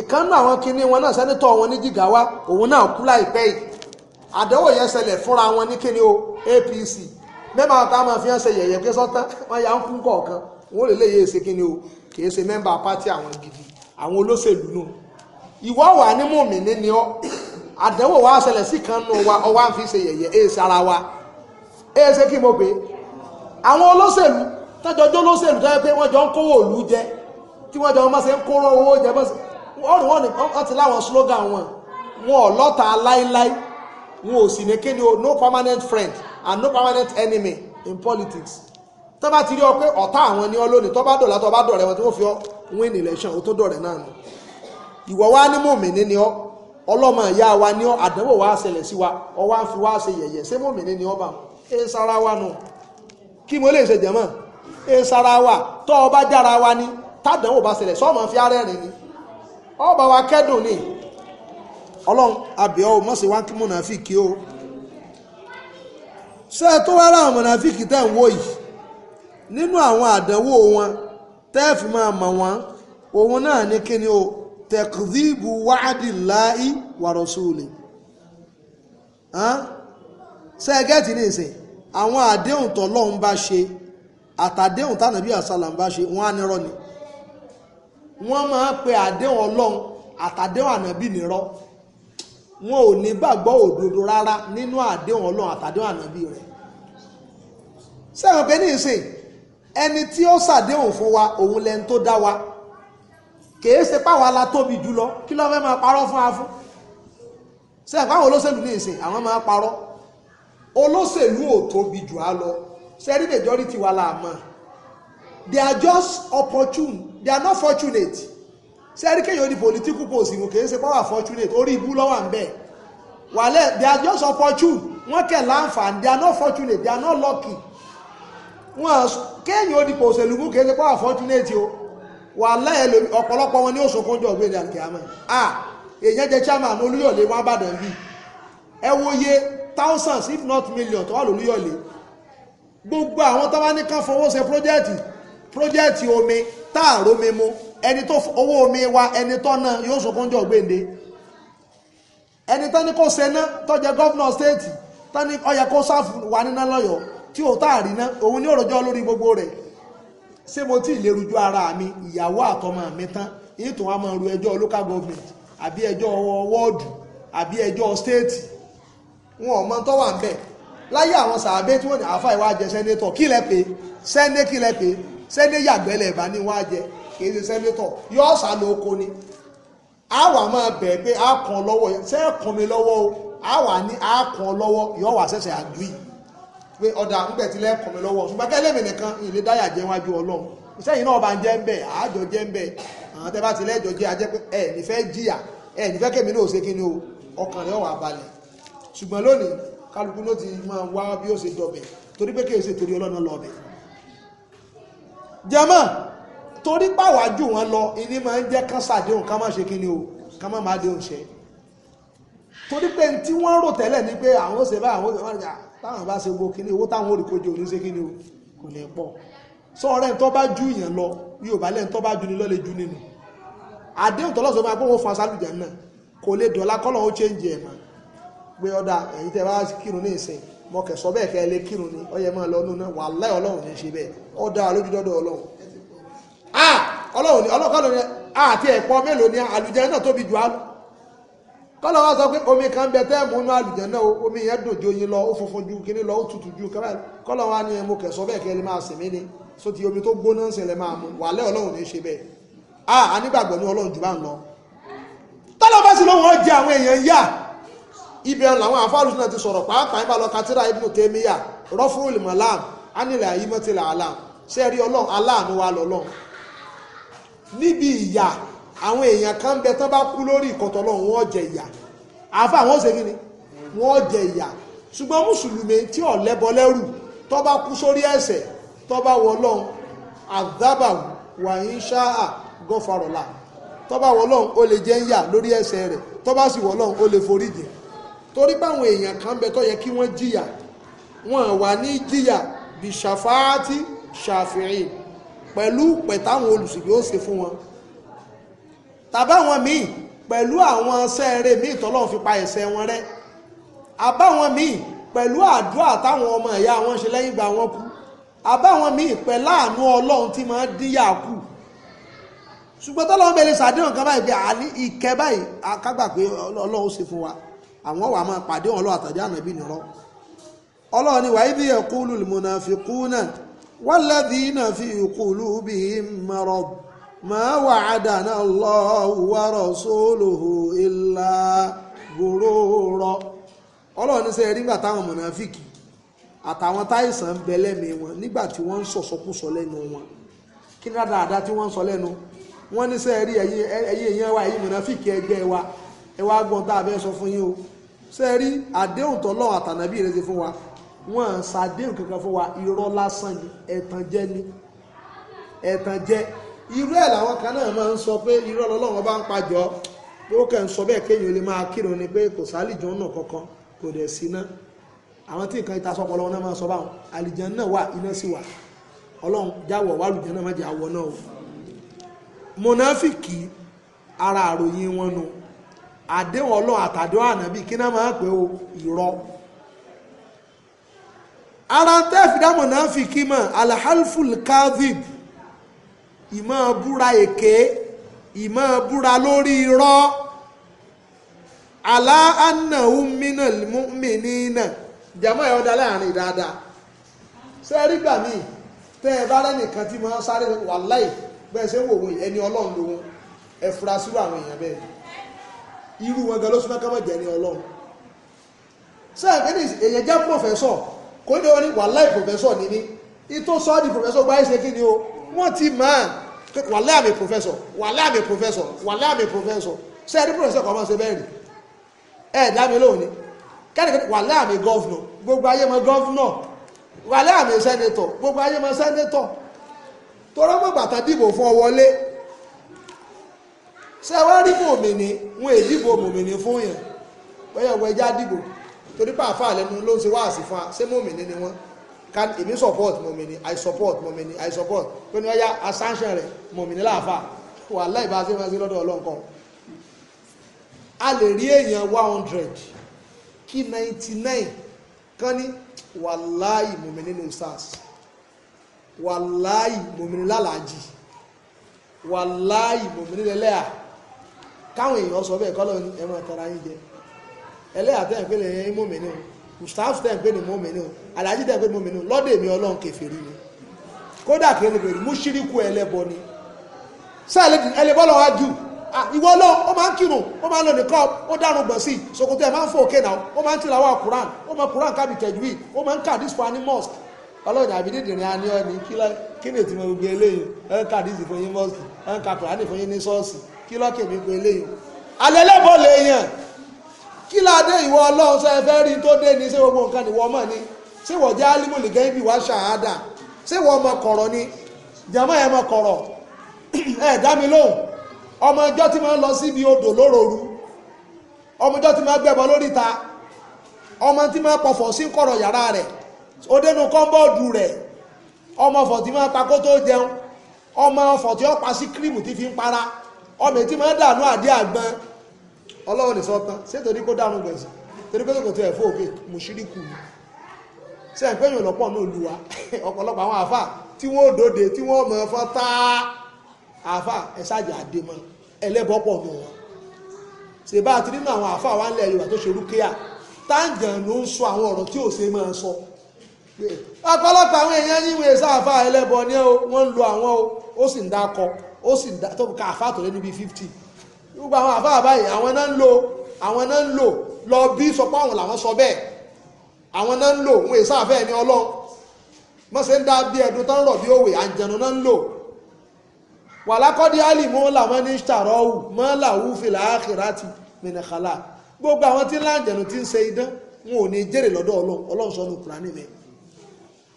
ìkànnì àwọn kinní wọn náà sẹ́nitọ̀ wọn ní Jigawa òun náà kú láìpẹ́ yìí àdánwò yẹn ṣẹlẹ̀ fúnra wọn ní kinní o APC mẹ́mbà wọn táwọn máa fi hàn ṣe yẹ̀yẹ́ pé sọ́tán wọn yà ń kú kọ̀ọ̀kan wọn ò lè léyè ṣe kinní o kì í ṣe mẹ́mbà pátì àwọn gidi àwọn olóṣèlú nù ìwọ wà ní mòmìnir ni ọ àdánwò wa ṣẹlẹ̀ sí kan nù wa ọwọ́ à ń fi ṣe yẹ̀yẹ́ èèṣ àwọn olóṣèlú tájọ jó lóṣèlú tó yẹ pé wọ́n jọ ń kówó òlú jẹ tí wọ́n jọ máa ṣe ń kóró owó jẹ bọ́sẹ̀ wọ́n wọ́n ní wọ́n ti láwọn slogan wọn wọn ò lọ́ta láíláí wọn ò sì ní kéde o no permanent friend and no permanent enemy in politics tó bá ti rí ọ pé ọ̀tá àwọn ni ọ lónìí tó bá dọ̀lá tó bá dọ̀rẹ́ wọn tí wọ́n fi ọ win election ó tó dọ̀rẹ́ náà nù ìwọ wá ní mòmìnir ni ọ ọlọ́mọ ìyá wa ní ọ àdánwò wá ṣẹlẹ̀ sí wa ọ wá ń fi wá ṣe yẹ̀yẹ̀ ṣé mòmìnir ni ọ bá ń sára wa nù kí mo lè ṣe jẹ̀mọ́ èsàrà wa tó o wa ni tádànwò bá ṣẹlẹ̀ sọ́ọ̀mọ̀ fi arẹ́rìn ni ọba wa kẹ́dùn ni ọlọrun àbíọ́ o na o ṣé tó wá láwọn mùnàfíìkì tẹ̀ ń wò yìí nínú àwọn àdánwò wọn tẹ́ẹ̀fì máa mọ̀ wọ́n òun náà ní kíni o láì ní ìsìn àwọn àdéhùn àtàdéhùn tánàbí àsálàm bá ṣe wọ́n á nírọ́ ni wọ́n máa pe àdéhùn ọlọ́run àtàdéhùn ànàbí nírọ́ wọn ò ní gbàgbọ́ òdodo rárá nínú àdéhùn ọlọ́run àtàdéhùn ànàbí rẹ̀ sẹ́wọ̀n pé ní ìsìn ẹni tí ó ṣàdéhùn fún wa òun lẹni tó dá wa kèé ṣe páwa la tóbi jùlọ kí ló fẹ́ máa parọ́ fún afún sẹ́wọ̀n páwọn olóṣèlú ní ìsìn àwọn máa parọ́ olóṣèlú ò tóbi jù á lọ sẹ́rí majority wà láàmọ́ they are just opportune they are not fortunate sẹ́rí kéèyàn ní political post ìwọ̀n kì í ṣe power fortunate orí ibú lọ́wọ́ à ń bẹ̀ wàlẹ̀ they are just opportune wọ́n kẹ̀ láǹfààní they are not fortunate they are not lucky wọ́n kéèyàn ní òṣèlú mú kì í ṣe power fortunate o wàlẹ̀ ọ̀pọ̀lọpọ̀ wọn ní òṣòkòjọ́ ọ̀gbẹ́ni àkìyàmọ́ ah èèyàn jẹ chairman olúyọ̀lé wọn bàdàn bíi ẹ wòye thousands if not millions tó wà lólúyọ̀lé gbogbo àwọn tó bá ní kán fowó ṣe omi táàrò mi mu ẹni tó owó omi wa ẹni tó náà yóò sọkún jọ gbèǹde ẹni tó ní kó ṣe ná tó jẹ stéètì tó ní ó wà nínà tí ò táàrí ná ní òròjọ́ gbogbo rẹ̀ ṣé mo tí ara mi ìyàwó àtọmọ mi tán tó máa ru ẹjọ́ local government àbí ẹjọ́ wọ́ọ̀dù àbí ẹjọ́ stéètì wọn ò mọ láyé àwọn sàábé tí wọ́n ní àáfà ìwà jẹ sẹ́nétọ̀ kí lẹ pé sẹ́ndé kí lẹ pé sẹ́ndé yàgbẹ́lẹ̀ ìbá ní wá jẹ kìí ṣe sẹ́nétọ̀ yóò sá lọ oko ni àwa máa bẹ̀ pé a kàn lọ́wọ́ ṣé ẹ kàn mi lọ́wọ́ o àwa ní a kàn lọ́wọ́ yóò wà sẹ̀sẹ̀ àdú yìí pé ọ̀dà ń bẹ̀ tí lẹ́ kàn mi lọ́wọ́ ṣùgbọ́n kẹ́lẹ́mì nìkan ìlé dáyà jẹ́ wájú ọlọ́run sẹ́yìn náà bá ń jẹ́ ń bẹ̀ àájọ jẹ́ ni o ọkàn rẹ̀ wà balẹ̀ ṣùgbọ́n lónìí kálukú ló ti máa wá bí ó ṣe dọ̀bẹ̀ torí pé kèèṣe torí ọlọ́nà lọ́bẹ̀ jẹ́mọ́ torí pàwà jù wọn lọ ìní máa ń jẹ́ kán sàdéhùn ká má ṣe kí ni o ká má má déhùn ṣe torí pé tí wọ́n rò tẹ́lẹ̀ ni pé àwọn ṣe bá àwọn ṣe bá ṣe táwọn bá ṣe gbogbo kí ni owó táwọn olùkójọ òní ṣe kí ni o kò lè pọ̀ sọ ọ̀rẹ́ tó bá ju ìyàn lọ yóò bá lẹ́yìn tó bá ju ni lọ́lẹ̀ ju nínú àdéhùn tọ́lọ́sọ máa gbóhùn pé ọ̀dà ẹ̀yin tẹ́ bá kírun ní ìsìn mo kẹ̀ sọ bẹ́ẹ̀ kẹ́ ẹ lé kírun ni ọyẹ máa lọ núná wà láì ọlọ́run ní ṣe bẹ́ẹ̀ ọ̀dà lójúdọ́dọ̀ ọlọ́run. a ọlọ́run ni ọlọ́kọ́ lórí àti ẹ̀pọ̀ mélòó ni àlùjẹ́ náà tóbi jù á lọ. kọ́lọ́ wa sọ pé omi kan bẹ tẹ́ẹ̀mù inú àlùjẹ́ náà omi yẹn dùn jó yín lọ ó funfun ju kíní lọ ó tutù ju kọ́lọ́ wa ni mo kẹ̀ sọ bẹ́ẹ̀ kẹ́ ẹ lè máa sìn mí ni so ti omi tó gbóná ń ṣẹlẹ̀ máa mu wà lẹ́ ọlọ́run ní ṣe bẹ́ẹ̀ a anígbàgbọ́ ní ọlọ́run jù bá ń lọ. tọ́lọ́ bá sì lóun ọ jẹ àwọn èèyàn yá ibi ẹran làwọn àfáàlù náà ti sọ̀rọ̀ pàápàá ìbá lọ katira ibnu tèmíyà rọ́fúrú ìmọ̀láàm ánìlẹ̀ àyímọ́tìlà alam ṣé rí ọlọ́run aláàánú wa lọ́lọ́run níbi ìyà àwọn èèyàn kan bẹ tán bá kú lórí ìkọ̀tọ̀ lọ́run wọ́n jẹ ìyà àáfà wọ́n ṣe kíni wọ́n jẹ ìyà ṣùgbọ́n mùsùlùmí tí ò lẹ́bọ lẹ́rù tó bá kú sórí ẹ̀ṣẹ̀ tó bá wọ ọlọ́run àdábà wà ń ṣáà ó lè jẹ́ ń yà lórí ẹ̀ṣẹ̀ rẹ̀ tó sì wọ ó lè foríjìn torí báwọn èèyàn kan bẹ tó yẹ kí wọ́n jìyà wọn wà ní jìyà bí ṣàfáàtì ṣàfihàn pẹ̀lú pẹ̀táwọn olùsìnkú ó ṣe fún wọn tàbáwọn míì pẹ̀lú àwọn sẹ́ẹ̀rẹ́ míì tọ́lọ́run fi pa ẹ̀ṣẹ̀ wọn rẹ́ àbáwọn míì pẹ̀lú àdúrà táwọn ọmọ ìyá wọn ṣe lẹ́yìn ìgbà wọn kú àbáwọn míì pẹ̀lú àánú ọlọ́run tí máa ń díyà kù ṣùgbọ́n tọ́lọ́run bẹ̀rẹ̀ ṣàdéhùn kan báyìí bí ìkẹ́ báyìí akágbà pé ọlọ́run ṣe fún wa àwọn wàá máa pàdé wọn lọ àtàdé ànábì nírọ́ ọlọ́run ni wàá bí ẹ̀kúlù lùmùnàfíkúnà wàlẹ́dìínà fi ìkúlù bíi mọ̀rọ̀ máa wà àdánà Allahu wa rasuluhu ìlà gbòòrò ọlọ́run ní sẹ́yìn nígbà táwọn mùnàfíkì àtàwọn táìsàn ń wọn nígbà tí wọ́n ń sọ̀sọ́kùsọ lẹ́nu wọn kí ní dáadáa tí wọ́n ń sọ lẹ́nu wọ́n ní sẹ́yìn rí ẹ̀yìn èèyàn wa ẹ̀yìn mùnàfíkì ẹgbẹ́ wa ẹ wá gbọ́n tá a fẹ́ sọ fún yín o sẹ́rí àdéhùn tọ́lọ́ àtànàbí rẹ̀ ṣe fún wa wọ́n ń ṣàdéhùn kankan fún wa irọ́ lásán ni ẹ̀tàn jẹ́ ni ẹ̀tàn jẹ́ irú ẹ̀ làwọn kan náà máa ń sọ pé irọ́ lọ́lọ́wọ́ bá ń pàjọ́ pé ó kàn ń sọ bẹ́ẹ̀ kéèyàn lè máa kírun ni pé kò sálìjọ́ náà kankan kò dẹ̀ sí iná àwọn tí nǹkan ìta sọpọ̀ lọ́wọ́ náà máa sọ báwọn àlìjàn náà wà iná sì wà ọlọ́run jáwọ̀ wà àlùjàn náà má jẹ́ àwọ̀ náà o mọ̀nàfìkì ara àròyìn wọn nù no àdéhùn ọlọ́run àtàdéhùn ànábì kí náà máa pè ó irọ́ ara tẹ́ẹ̀fì dámọ̀ náà fi kí mọ̀ alhalful kadhib ìmọ̀ búra èké ìmọ̀ búra lórí irọ́ alá annahu minal mu'minina jàmọ́ ẹ̀ ọ̀dà láàrin dáadáa ṣé ẹ rí gbà mí tẹ́ ẹ bá rẹ́nìkan tí mo sáré wàláì bẹ́ẹ̀ ṣe wò wọ́n ẹni ọlọ́run lòun ẹ fura sírò àwọn èèyàn bẹ́ẹ̀ irú wọn gan ló súnmọ́ ká má jẹ́ ní ọlọ́run sẹ́yìn kí ni èyàn jẹ́ pòfẹ́sọ̀ kò ní wọn ní wàláì pòfẹ́sọ̀ ní ní ìtò sọ́ọ́dì pòfẹ́sọ̀ gbáyé ṣe kí ni o wọ́n ti máa wàláì àmì pòfẹ́sọ̀ wàláì àmì pòfẹ́sọ̀ wàláì àmì pòfẹ́sọ̀ sẹ́yìn ní pòfẹ́sọ̀ kọ́ máa ṣe bẹ́ẹ̀ ni ẹ̀ dá mi lóhùn ni kẹ́nìkan wàláì àmì gọ́vnọ̀ gbogbo ayé mọ gọ́vnọ̀ wàláì àmì sẹ́nẹtọ̀ gbogbo ayé mọ sẹ́nẹtọ̀ torọ́mọ̀gbàtà dìbò fún ṣé wá rí mòmìnì wọn èyí dìbò mòmìnì fún yàn bóyá ọgbọ ẹja dìbò torí pàfà lẹnu ló ń ṣe wáàsí fún wa ṣé mòmìnì ni wọn kan èmi support mòmìnì i support mòmìnì i support pé ní wọ́n yá asánṣẹ́ rẹ̀ mòmìnì láàfà wà láì bá ṣe máa ṣe lọ́dọ̀ ọlọ́nkan a lè rí èèyàn one hundred kí ninety nine kan ní wàláì mòmìnì ní stars wàláì mòmìnì lálàájì wàláì mòmìnì lẹ́lẹ́à káwọn èèyàn sọ bẹ́ẹ̀ kọ́lọ́ ní ẹ̀rọ tọ́ra yín jẹ ẹlẹ́yà tẹ́ ní o gustaf tẹ́ ń pè ní o alhaji tẹ́ ń pè o lọ́dẹ̀ mi ọlọ́run kèfèrí ni kódà kí ẹlẹ́bọ̀ ni mùṣíríkù ẹlẹ́bọ ni sẹ́ẹ̀lẹ́bì ẹlẹ́bọ̀ lọ́wọ́ á ìwọ lọ ó máa ń kírun ó máa ń lọ nìkan ó dárun gbọ̀n sí ṣòkòtò ẹ̀ máa ń fò òkè náà ó máa ń ó máa kábi ó máa ń kí lọ́kẹ̀ mi pé eléyìí alẹ́ lẹ́bọ̀ lè yàn kí ládé ìwọ ọlọ́run sọ ẹfẹ́ rí tó dé ní ṣé gbogbo nǹkan nìwọ ọmọ ni ṣé wọ́n jẹ́ alimuli gẹ́gẹ́ bí wàá ṣàhádà ṣé wọ́n ọmọ kọ̀rọ̀ ni jàmọ́ ẹ̀ mọ kọ̀rọ̀ *clears throat* ẹ̀ dá mi lóhùn ọmọ ẹjọ́ tí máa ń lọ síbi odò lóròru ọmọ ẹjọ́ tí máa ń gbẹ̀bọ lóríta ọmọ tí máa ń pọ̀fọ̀ sí kọ̀rọ̀ yàrá rẹ̀ odenu kọ́ńbọ̀dù rẹ̀ ọmọ ọ̀fọ̀ tí máa ń pa kó tó jẹun ọmọ ọ̀fọ̀ tí ó pa sí kírìmù tí fi ń para ọmọ ètí máa ń dànù àdé àgbọn ọlọ́run ní sọ́tàn ṣé torí kó dànù gbẹ̀sìn torí pé kò tó ẹ̀fọ́ òkè mùṣíríkù ni ṣe ẹ̀ pé èèyàn lọ́pọ̀ náà lu wa ọ̀pọ̀lọpọ̀ àwọn àáfà tí wọ́n dòde tí wọ́n mọ̀ fọ́n tá àáfà ẹ̀ ṣáàjì àdé mọ́ ẹlẹ́bọ̀pọ̀ mọ́ wọn ṣèbá àti nínú àwọn àáfà wa ńlẹ̀ Yorùbá tó ṣe rúkẹ́à táǹgàn ló ń sọ àwọn ọ̀rọ̀ tí ò ṣe máa sọ ọ̀pọ̀lọpọ̀ àwọn èèyàn yíwèé sáàfà ẹlẹ́bọ ni wọ́n ń lo àwọn o ó sì ń dákọ̀ọ́ ó sì dá tó ká àfáà tó lé níbi fifty gbogbo àwọn àfáà báyìí àwọn náà ń lò àwọn náà ń lò lọ bí sọ pé àwọn làwọn sọ bẹ́ẹ̀ àwọn náà ń lò wọn èso àfẹ́ ẹ̀mí ọlọ́run mọ̀sẹ̀ ń dá bí ẹ̀dùn tán rọ̀ bí òwe àjẹnu náà ń lò wàlákọ́dí àlì mọ́ làwọn ní ṣàrọ́wù mọ́ làwù fìlà àkìràtì mìnàkàlà gbogbo àwọn tí láǹjẹ̀nu ti ń ṣe idán wọn ò ní jèrè lọ́dọ̀ ọlọ́run ọlọ́run sọ́nu kùránì mẹ́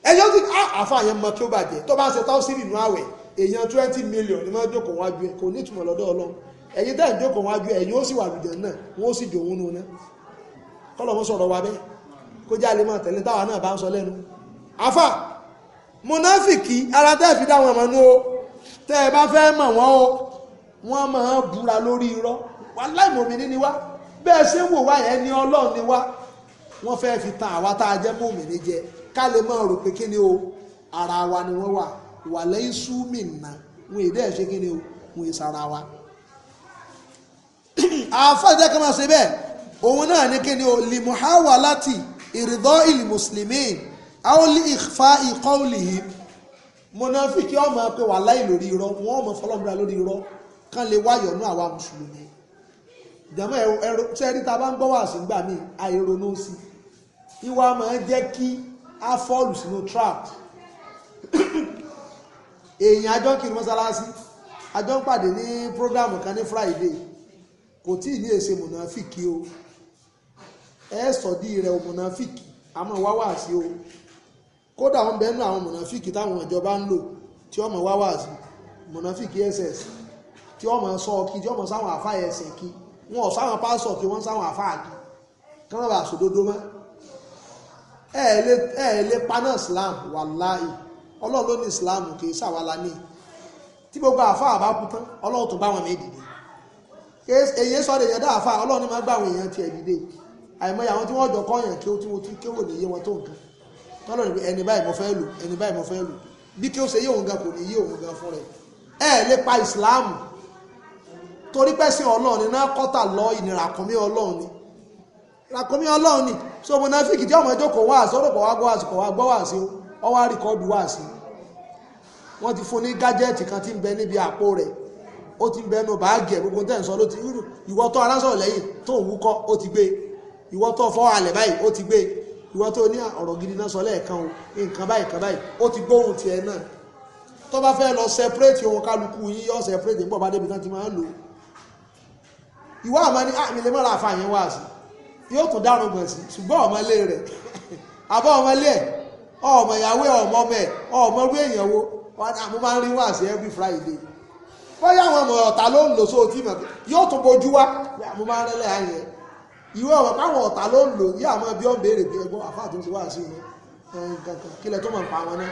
ẹjọ́ ti ah, àfa àyẹ̀mọ́ kí ó bàjẹ́ tó bá ń èèyàn twenty million ni wọ́n jókòó wájú ẹ̀ kò ní ìtumọ̀ lọ́dọ̀ ọlọ́run ẹ̀yin tẹ́ ẹ̀ jókòó wájú ẹ̀yin ó sì wà lùjẹ̀ náà wọ́n ó sì jòwó nu ná kọ́lọ̀ mọ́ sọ̀rọ̀ wa bẹ́ẹ̀ kó jẹ́ àlemọ́ tẹ̀lé táwa náà bá ń sọ lẹ́nu. afa munafiki ara tẹ́ ẹ̀ fi dá wọn mọ̀ nú o tẹ́ ẹ bá fẹ́ mọ̀ wọ́n o wọ́n máa ń búra lórí irọ́ wàláhì mòmìnì ni wá bẹ́ẹ̀ ṣe wò wá ẹni ọlọ́run ni wá wọ́n wàlẹ́ ìsúmìnà wọn èdè ẹ̀ ṣe kí ni o wọn ìsara wa. *clears throat* àfáàjẹ́ kan máa ṣe bẹ́ẹ̀ òun náà ní kí ni o limuhawa láti ìrìdọ́ ìlú mùsùlùmí àwọlí ìfà ìkọ́ọ̀lìhì mọ̀nàfíkì ọmọ pé wàláì lórí irọ́ wọn ọmọ fọlọ́mùra lórí irọ́ kán lè wáyọ̀ ní àwa mùsùlùmí jàmọ́ ẹ̀rọ sẹ́rí tá a bá ń gbọ́ wà sí gbà mí àìronú sí i máa jẹ́ kí a fọ́ọ̀lù sínú trap èèyàn àjọ kiri mọ́sálásí àjọ ń pàdé ní program kan ní Friday kò tí ì ní èsè mùnàfíkì o ẹ sọ̀dí rẹ̀ mùnàfíkì àmọ́ wá wá sí o kódà wọn bẹ́ẹ̀ nú àwọn mùnàfíkì táwọn ìjọba ń lò tí ọmọ wá wá sí mùnàfíkì ss tí ọmọ sọ kí tí ọmọ sáwọn àfáà ẹsẹ̀ kí wọn ò sáwọn pásọ̀ kí wọ́n sáwọn àfáà kí kí wọ́n bá sòdodo mọ́ ẹ̀ ẹ̀ lè paná Islam wàláì ọlọ́run ló ní islam kì í ṣàwálà ní tí gbogbo àfáà bá kú tán ọlọ́run tó bá wọn mí dìde èyí sọ̀rọ̀ èèyàn dá àfáà ọlọ́run ní máa gbà àwọn èèyàn tiẹ̀ dìde àìmọye àwọn tí wọ́n jọ kọ́yàn kí ó tí wọ́n ti kéwò níyé wọn tó nǹkan tọ́lọ̀ ní ẹni báyìí mo fẹ́ lò ẹni báyìí mo fẹ́ lò bí kí ó ṣe yé òun kò ní yé òun fún rẹ̀ ẹ lè pa islam torí pẹ́sìn ọlọ́run ní náà kọ́tà lọ ìnira kọ́mí ọlọ́run ni ràkọ́mí ọlọ́run ni so mo náà fìkì tí ọmọ ìjókòó wá àsọ̀rọ̀ kọ̀ wá gbọ́ àsìkò wá gbọ́ wá ọwọ́ àríkọ́dù wá sí wọ́n ti fún ní gájẹ́ẹ̀tì kan tí ń bẹ níbi àpò rẹ̀ ó ti ń bẹ ẹnu báàgì ẹ̀ gbogbo tẹ́ ń sọ ló ti rírù ìwọ tó arásọ̀ lẹ́yìn tó ń wúkọ́ ó ti gbé ìwọ tó fọ́ alẹ̀ báyìí ó ti gbé ìwọ tó ní ọ̀rọ̀ gidi náà sọ lẹ́ẹ̀kan o nǹkan báyìí nǹkan báyìí ó ti gbóhùn tiẹ̀ náà tó bá fẹ́ lọ separate ohun kálukú yín yọ separate nígbà bá débi tán ti máa ń lò ó ìwọ àmọ́ ní àmì ah, lè mọ́ra àfààyàn wá sí yóò tún dárùn gbọ̀n sí ṣùgbọ́n ọmọ rẹ̀ *laughs* àbọ̀ ọmọ ẹ̀ ọmọ ìyàwó ọmọ ọmọ ẹ ọmọ orí èèyàn wo mo máa ń rí wá sí every friday bóyá àwọn ọmọ ọ̀tá ló ń lò sóò tí mà yóò tún bojú wá mo máa ń rẹ́lẹ̀ ayẹ ìwé ọ̀rọ̀ káwọn ọ̀tá ló ń lò yí àwọn ẹbí ọ̀n béèrè bí ẹgbọ́n àfáà tó ń ti wá sí wọn kankan kílẹ̀ tó máa ń pa wọn náà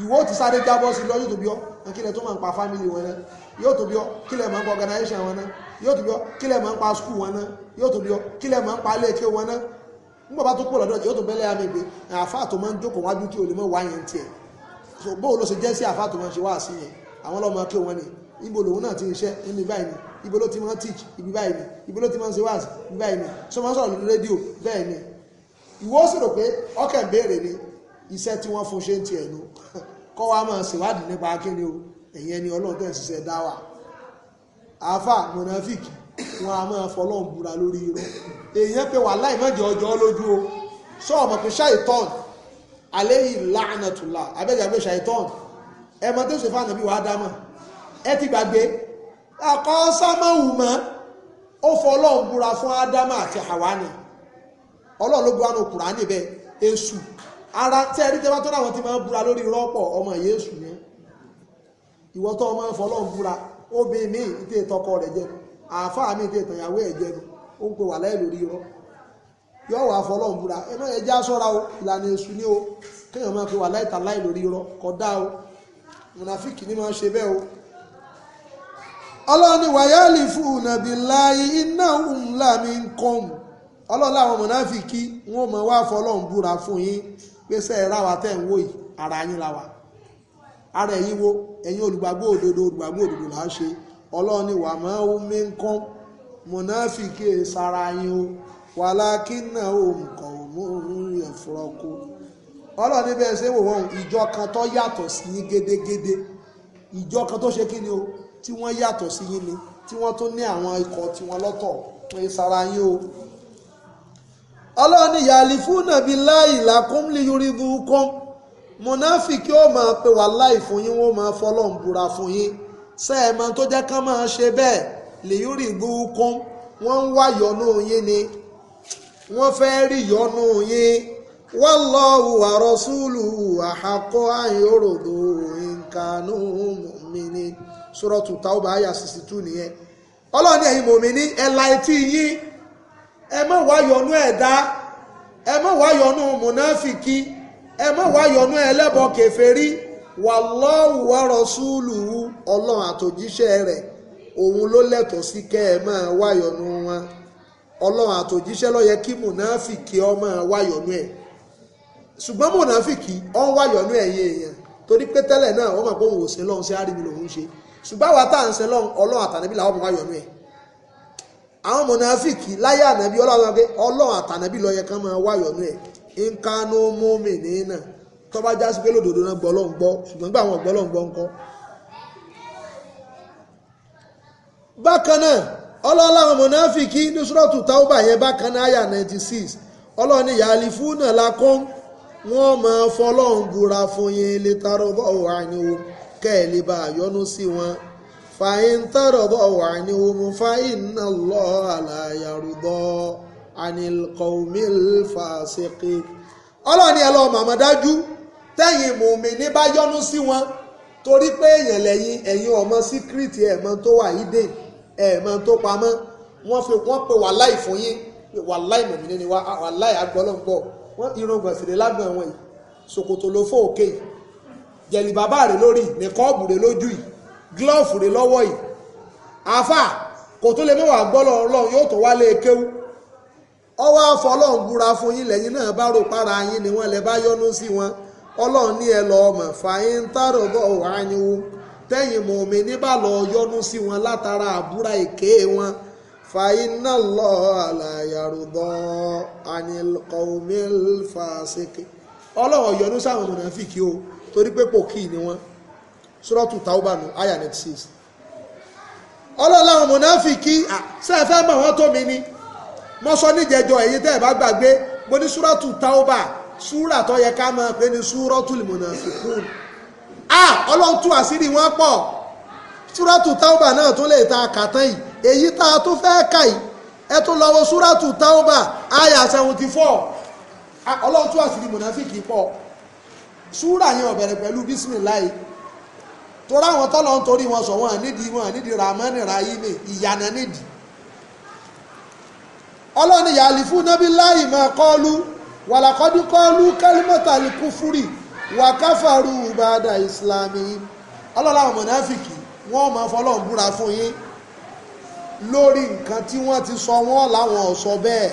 ìwé ó ti sáré jábọ́ sí lọ yóò tó bí ọ́ kílẹ̀ tó máa ń pa family wọn náà yóò tó bí ọ́ kílẹ̀ máa ń pa organization wọn náà yóò tó bí ọ́ kílẹ̀ máa ń pa school wọn náà yóò tó bí ọ́ kílẹ̀ máa ń pa ilé ẹ̀kẹ́ wọn náà nígbà bá tó kúrò lọ́dọ̀ yóò tó bẹ́lẹ̀ amègbè àáfà tó máa ń jókòó wájú tí o lè mọ̀ wá yẹn tiẹ̀ so bóun ló ṣe jẹ́ sí àáfà tó máa ń ṣe wá sí yẹn àwọn ọlọ́mọ kí wọn ni ibo lòun náà ti ń ṣe ibi báyìí ni ibo ló ti máa ibi báyìí ni ibo ló ti máa ń ṣe wá sí ibi báyìí ni so máa ń sọ̀rọ̀ lórí rédíò bẹ́ẹ̀ ni ìwọ sì rò pé ọkàn béèrè ni iṣẹ́ tí wọ́n fún ṣe ń tiẹ̀ nu *laughs* kọ́ wa máa ṣèwádìí nípa akéde o ẹ̀yin ẹni ọlọ́run tẹ̀ ṣiṣẹ́ dáwà àáfà mọ̀nàfíìkì wọn a máa fọlọ́n búra lórí irọ́ èèyàn pé wàhálà ìmọ̀jẹ̀ ọjọ́ lójú o sọ ọmọ pé ṣàìtọ́n àléyìí lánàtúlà abẹ́jàgbé ṣàìtọ́n ẹ mọ tó ṣe fún ànàbí wàá dámọ̀ ẹ ti gbàgbé àkọ́ sámọ́wù mọ́ ó fọlọ́n búra fún ádámà àti hàwánì ọlọ́run ló gbọ́ àánú kùránì bẹ́ẹ̀ èṣù ara tí ẹni tẹ́ bá tọ́ láwọn ti máa ń búra lórí rọ́pọ̀ ọmọ yéṣù yẹn ìwọ́tọ́ ọmọ fọlọ́n búra obìnrin mi ìtẹ́ ìtọ́kọ rẹ̀ jẹ́ àáfàá mi nke ìtànyàwó ẹ̀ jẹ ó ń pe wàhálà ẹ̀ lórí irọ́ yọ wà fọlọ́ nbúra ẹ má ẹjẹ́ aṣọ́ra o ìlànà èṣù ni o kéèyàn máa pe wàhálà lórí o mùnàfíkì ni máa ṣe bẹ́ẹ̀ o. ọlọ́run ni fún iná ńlá mi ń kọ́m mùnàfíkì wọn ò wá fún yín pé sẹ́ẹ̀ tẹ̀ ń wò yìí ara yín la wà ara ẹ̀yin wo ẹ̀yin ọlọ́run ni wà máa ń mí nǹkan mọ̀náfìkì sara yín o wà lákínà òǹkọ̀ òmùrún yẹn fúrọ́kù ọlọ́run ní bẹ́ẹ̀ ṣe wò wọ́n ìjọ kan tó yàtọ̀ sí yín gédégédé ìjọ kan tó ṣe kí ni o tí wọ́n yàtọ̀ sí yín ni tí wọ́n tún ní àwọn ikọ̀ tí wọ́n lọ́tọ̀ pé sara yín o ọlọ́run ní yàlífúnà bíi láì làkúnlé yorùbá kan mọ̀náfìkì ó máa pe wà láì fún yín wọ́n máa fọlọ́ǹbùra fún sẹ́ẹ̀mọ tó jẹ́ kán máa ṣe bẹ́ẹ̀ lèyúrì gbókún wọ́n ń wá yọ̀nù yín ni wọ́n fẹ́ rí yọ̀nù yín wọ́n lọ hùwà rọ́súlù àhàkọ́ àyòròdò ìkànnù mi ni sọ́rọ́tù táwọn àyà sixty two nìyẹn ọlọ́ọ̀ni ẹ̀yin mòmíní ẹ̀ la etí yín ẹ má wá yọ̀nù ẹ̀dá ẹ má wá yọ̀nù mùnáfìkì ẹ má wá yọ̀nù ẹlẹ́bọ kèfèrí. wàlọ́ọ̀hù wa rọ̀ṣúlùú ọlọ́run àtòjíṣẹ́ rẹ̀ òun ló lẹ́tọ̀ọ́ sí kẹ́ ẹ máa wáyọ̀nù wọn ọlọ́run àtòjíṣẹ́ kí mùnáfìkì ọ máa wáyọ̀nù ẹ̀ ṣùgbọ́n ọ ń wáyọ̀nù ẹ̀yìn èèyàn torí pé tẹ́lẹ̀ náà wọ́n mọ̀ pé òun lọ́hún sí àríwí lòun ṣe ṣùgbọ́n àwa tá à ń sin lọ́hún ọlọ́run àtànẹ́bí làwọn wáyọ̀nù ẹ̀ tó bá já sí pé lódodo náà gbọ́ lóhùn gbọ́ ṣùgbọ́n gbà wọn gbọ́ lóhùn gbọ́ ńkọ́. bákan náà ọlọ́lá àwọn mọ̀nàfíkì ní sọ́ọ̀tù táwọ́bà yẹn bákan náà àyà ninety six ọlọ́ọ̀ni yàlífù náà la wọ́n máa fọlọ́hún búra fún yín lè tarọ́ bọ́ ọ̀wọ́ àníwò kẹ́ ẹ̀ lè bá àyọ́nú sí wọn fàyín tarọ́ bọ́ ọ̀wọ́ àníwò mú fàyín náà lọ́ àlàyàrúbọ́ ànilkọ̀ọ́mìlfàṣẹ́kì ọlọ́ọ̀ni ẹ̀ lọ́ọ́ màmá dájú tẹ́yìn mùmí ní bá yọ́nú sí wọn torí pé èèyàn lẹ́yìn ẹ̀yin ọmọ síkírìtì ẹ̀mọ tó wà yìí dé ẹ̀mọ tó pamọ́ wọ́n fi wọ́n pe wàláì fún yín wàláì mùmí ní wa wàláì agbọ́lọ́gbọ́ wọ́n irun gbọ̀nsẹ̀lẹ̀ lágbọ̀n wọn yìí ṣòkòtò ló fò òkè yìí jẹ̀lì bàbá rẹ̀ lórí nìkọ́ọ̀bù rẹ̀ lójú yìí glọ́ọ̀fù rẹ̀ lọ́wọ́ yìí àáfà kò tó lè mẹ́wàá gbọ́lọ̀ ọlọ́run yóò tó wálé e kéwú ọwọ́ àfọlọ́run búra fún yín lẹ́yìn náà bá rò para yín ni wọ́n lè bá yọ́nú sí wọn ọlọ́run ní ẹ lọ́ọ́ mọ̀ fàáyín tàrọ̀bọ̀ wáyéwò tẹ́yìn mọ̀mí níbà lọ yọnu sí wọn látara àbúrà èké wọn fàáyín náà lọ àlàyàrúbọ̀ ànilkọ̀ọ́mìl fàṣẹkẹ ọlọ́run yọnu sáwọn mọ̀nàfíkì o torí pé pòkì ni wọn sọ́rọ́tù taubanu aya ninety six ọlọ́run àwọn mọ̀nàfíkì sẹ́ẹ̀fẹ́ mọ̀ wọ́n tó mi ni mọ́sọ́ níjẹjọ èyí tẹ́ ẹ̀ bá gbàgbé mo ní sọ́rọ́tù taubanu súrà tó yẹ ká máa pè ní súrọ́tùl mùnàfíkùn à ọlọ́run tú àṣírí wọn pọ̀ súrọ́tù táwùbà náà tó lè ta kàtán yìí èyí tá a tó fẹ́ kà yìí ẹ tó lọ́wọ́ súrọ́tù táwùbà àyà seventy four ọlọ́run tú àṣírí mùnàfíkì pọ̀ súrà yẹn ó bẹ̀rẹ̀ pẹ̀lú bísímìláì torí àwọn tọ́lọ́ ń torí wọn sọ wọn nídìí wọn nídìí ramani rahimi ìyànà nídìí ọlọ́run ìyàlífù nábìláì máa kọ́ lù wàlàkọ́dí kọ́ọ́lù kálímọ́tàlì kúfúrì wà káfàrú ìbàdà ìsìlámì ọlọ́lá àwọn mọ̀náfìkì wọ́n máa fọlọ́run búra fún yín lórí nǹkan tí wọ́n ti sọ wọ́n láwọn ọ̀sọ́ bẹ́ẹ̀